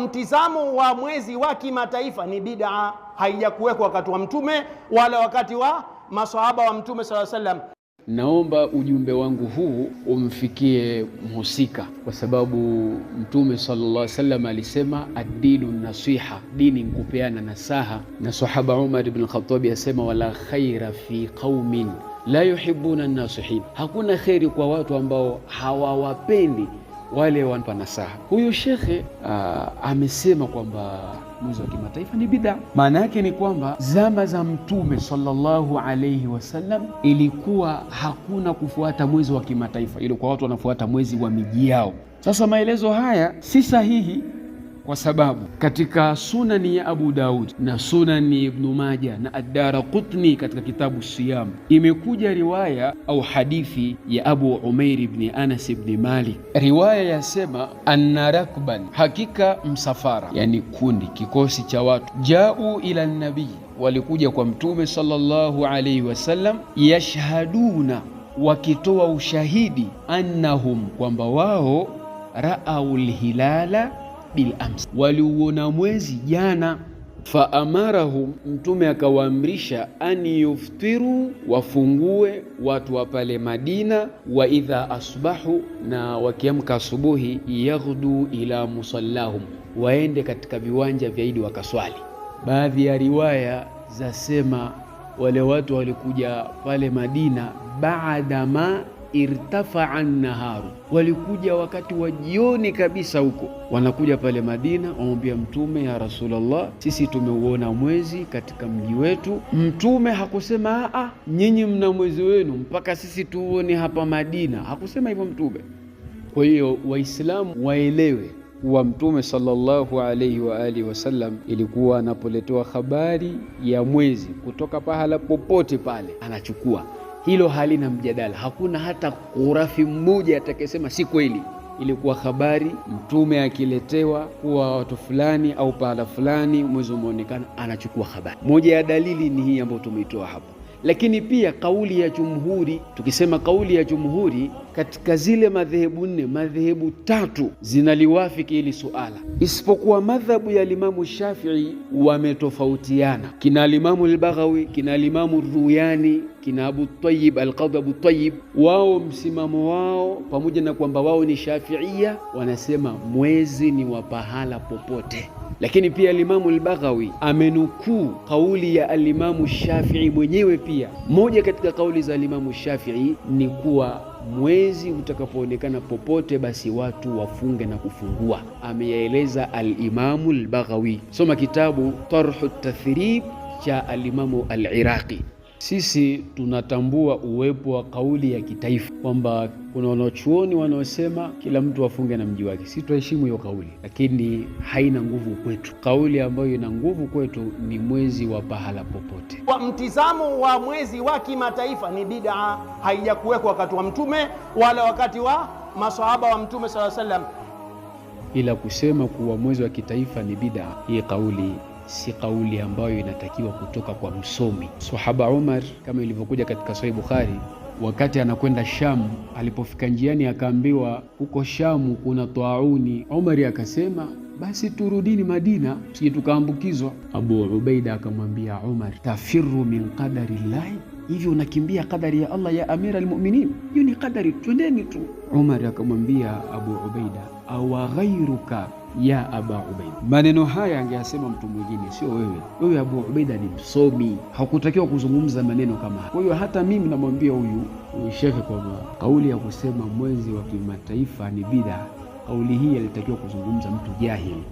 mtizamo wa mwezi wa kimataifa ni bid'a, haijakuwekwa wakati wa mtume wala wakati wa masahaba wa mtume sala sallam. Naomba ujumbe wangu huu umfikie mhusika, kwa sababu Mtume sallallahu alaihi wasallam alisema ad-dinu nasiha, dini nkupeana nasaha. Na sahaba Umar ibn Khattab asema wala khaira fi qaumin la yuhibbuna nasihin hakuna kheri kwa watu ambao hawawapendi wale wanpa nasaha. Huyu shekhe uh, amesema kwamba mwezi wa kimataifa ni bidaa. Maana yake ni kwamba zama za Mtume sallallahu alayhi wasallam ilikuwa hakuna kufuata mwezi wa kimataifa, ilikuwa watu wanafuata mwezi wa miji yao. Sasa maelezo haya si sahihi kwa sababu katika sunani ya Abu Daud na sunani Ibnu Maja na Addara Qutni katika kitabu Siyam imekuja riwaya au hadithi ya Abu Umair ibni Anas ibni Malik. Riwaya yasema anna rakban, hakika msafara, yani kundi, kikosi cha watu, jau ila nabii, walikuja kwa Mtume sallallahu alaihi wasallam, yashhaduna, wakitoa ushahidi, annahum, kwamba wao raau lhilala bil amsi, waliuona mwezi jana. Fa amarahu Mtume akawaamrisha an yuftiru, wafungue watu wa pale Madina. Wa idha asbahu, na wakiamka asubuhi, yaghdu ila musallahum, waende katika viwanja vya Idi wakaswali. Baadhi ya riwaya zasema wale watu walikuja pale Madina baada ma irtafaa naharu walikuja wakati wa jioni kabisa huko, wanakuja pale Madina, wamwambia Mtume, ya Rasulullah, sisi tumeuona mwezi katika mji wetu. Mtume hakusema aa, nyinyi mna mwezi wenu mpaka sisi tuone hapa Madina, hakusema hivyo Mtume. Kwa hiyo Waislamu waelewe wa Mtume sallallahu alaihi wa alihi wasallam ilikuwa anapoletewa habari ya mwezi kutoka pahala popote pale anachukua hilo halina mjadala. Hakuna hata urafi mmoja atakayesema si kweli. Ilikuwa habari mtume akiletewa kuwa watu fulani au pahala fulani mwezi umeonekana, anachukua habari. Moja ya dalili ni hii ambayo tumeitoa hapa. Lakini pia kauli ya jumhuri, tukisema kauli ya jumhuri, katika zile madhehebu nne, madhehebu tatu zinaliwafiki hili suala, isipokuwa madhhabu ya limamu Shafii wametofautiana, kina Alimamu Albaghawi, kina limamu Ruyani, kina Abu Tayyib Alqadhi Abu Tayyib, wao msimamo wao, pamoja na kwamba wao ni Shafiia, wanasema mwezi ni wa pahala popote lakini pia Alimamu Albaghawi amenukuu kauli ya Alimamu Shafii mwenyewe pia pia. Moja katika kauli za Alimamu Shafii ni kuwa mwezi utakapoonekana popote, basi watu wafunge na kufungua. Ameyaeleza Alimamu lbaghawi soma kitabu Tarhu Tathrib cha Alimamu Aliraqi. Sisi tunatambua uwepo wa kauli ya kitaifa kwamba kuna wanachuoni wanaosema kila mtu afunge na mji wake. Sisi tunaheshimu hiyo kauli, lakini haina nguvu kwetu. Kauli ambayo ina nguvu kwetu ni mwezi wa pahala popote. Kwa mtizamo wa mwezi wa kimataifa ni bidaa, haijakuwekwa wakati wa Mtume wala wakati wa masahaba wa Mtume sala salam, ila kusema kuwa mwezi wa kitaifa ni bidaa, hii kauli si kauli ambayo inatakiwa kutoka kwa msomi. Sahaba Umar, kama ilivyokuja katika Sahihi Bukhari, wakati anakwenda Shamu, alipofika njiani akaambiwa huko Shamu kuna twauni. Umari akasema basi turudini Madina sije tukaambukizwa. Abu Ubaida akamwambia Umar, tafiru min qadari llahi, hivyo unakimbia kadari ya Allah ya amira almuminin? Hiyo ni kadari, twendeni tu. Umar akamwambia Abu Ubaida, awa ya Aba Ubaid. Maneno haya angeyasema mtu mwingine, sio wewe. Wewe Abu Ubaida ni msomi, hakutakiwa kuzungumza maneno kama haya. Kwa hiyo hata mimi namwambia huyu shekhe kwamba kauli ya kusema mwezi wa kimataifa ni bidha kauli hii alitakiwa kuzungumza mtu jahili.